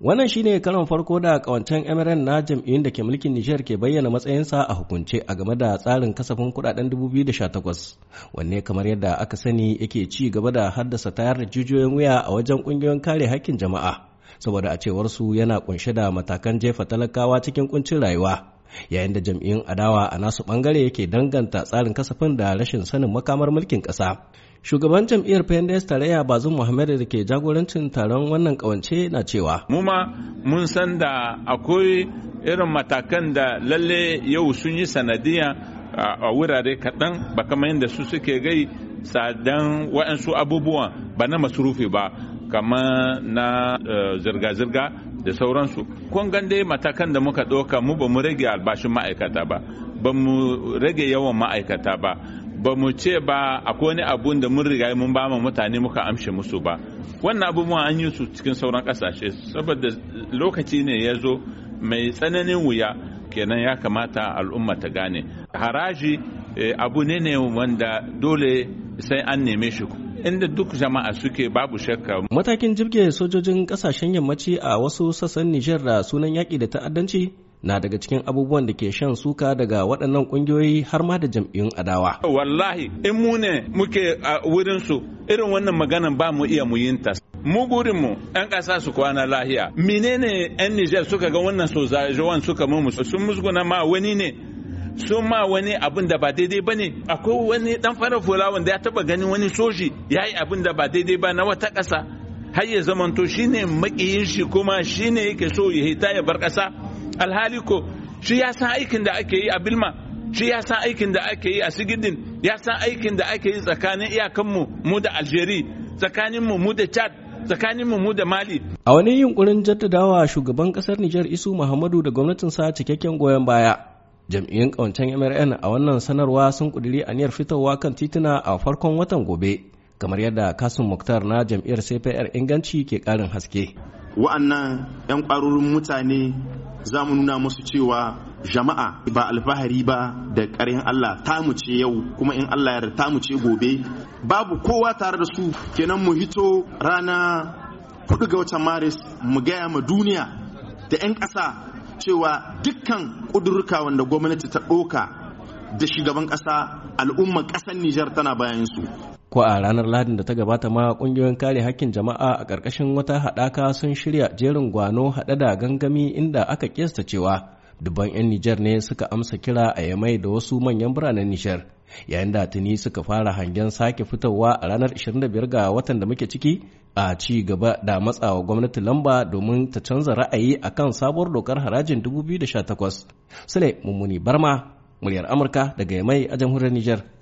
Wannan shi ne karon farko da kawancen MRN na jam'iyyun da ke mulkin Nijar ke bayyana matsayinsa a hukunce a game da tsarin kasafin kudaden 2018 wanne kamar yadda aka sani yake ci gaba da haddasa tayar da jijiyoyin wuya a wajen kungiyoyin kare haƙƙin jama'a saboda a cewar su yana kunshe da matakan jefa talakawa cikin kuncin rayuwa yayin da jam'iyyun adawa a nasu bangare yake danganta tsarin kasafin da rashin sanin makamar mulkin ƙasa Shugaban jam'iyyar PNDS tarayya Bazum Muhammad da ke jagorancin taron wannan kawance na cewa. Mu mun san da akwai irin matakan da lalle yau sun yi sanadiya a wurare kaɗan ba kama yadda su suke gai sadan waɗansu abubuwan ba na masurufi ba kama na e, zirga-zirga da sauransu kun gan dai matakan da muka ɗauka mu ba mu rage albashin ma'aikata ba ba mu rage yawan ma'aikata ba ba mu ce ba akwai wani abun da mun riga mun ba mutane muka amshe musu ba wannan abubuwan an yi su cikin sauran kasashe saboda lokaci ne ya zo mai tsananin wuya kenan ya kamata al'umma ta gane haraji eh, abu ne ne wanda dole sai an neme shi inda duk jama'a suke babu shakka matakin jirge sojojin kasashen yammaci a wasu sassan nijar da sunan yaƙi da ta'addanci na daga cikin abubuwan da ke shan suka daga waɗannan ƙungiyoyi har ma da jam'iyyun adawa. Wallahi in mu ne muke a wurinsu, irin wannan maganan ba mu iya muyinta. Mu burinmu 'yan ƙasa su kwana lahiya. Menene 'yan Nijar suka ga wannan so zajewan suka mu sun musguna ma wani ne sun ma wani abin da ba daidai ba ne akwai wani dan fara fula da ya taba ganin wani soji ya yi abin da ba daidai ba na wata ƙasa har ya zamanto shine makiyin shi kuma shi ne yake so ya hita ya bar ƙasa alhali shi ya san aikin da ake yi a bilma shi ya san aikin da ake yi a sigidin ya san aikin da ake yi tsakanin iyakanmu mu da Aljeri tsakaninmu mu da chad tsakaninmu mu da mali a wani yunkurin jaddadawa shugaban kasar nijar isu muhammadu da gwamnatin sa cikakken goyon baya jam'iyyun kawancen mrn a wannan sanarwa sun a aniyar fitowa kan tituna a farkon watan gobe kamar yadda kasum muktar na jam'iyyar cpr inganci ke karin haske wa'annan 'yan kwarorin mutane za mu nuna musu cewa jama'a ba alfahari ba da ƙarin Allah ta mu ce yau kuma in Allah ta mu ce gobe babu kowa tare da su kenan mu hito rana kudu ga watan maris mu gaya ma duniya da 'yan ƙasa cewa dukkan ƙudurruka wanda gwamnati ta ɗoka da shugaban ƙasa al'ummar ƙasar Nijar tana bayan su Ko a ranar Ladin da ta gabata ma kungiyoyin kare hakkin jama'a a ƙarƙashin wata haɗaka sun shirya jerin gwano haɗe da gangami inda aka kesta cewa dubban 'yan Nijar ne suka amsa kira a Yamai da wasu manyan biranen Nijar. Yayin da tuni suka fara hangen sake fitowa a ranar 25 ga watan da muke ciki a ci gaba da matsawa gwamnati lamba domin ta canza ra'ayi akan sabuwar dokar harajin 2018. Sule Mummuni Barma, muryar Amurka daga Yamai a jamhuriyar Nijar.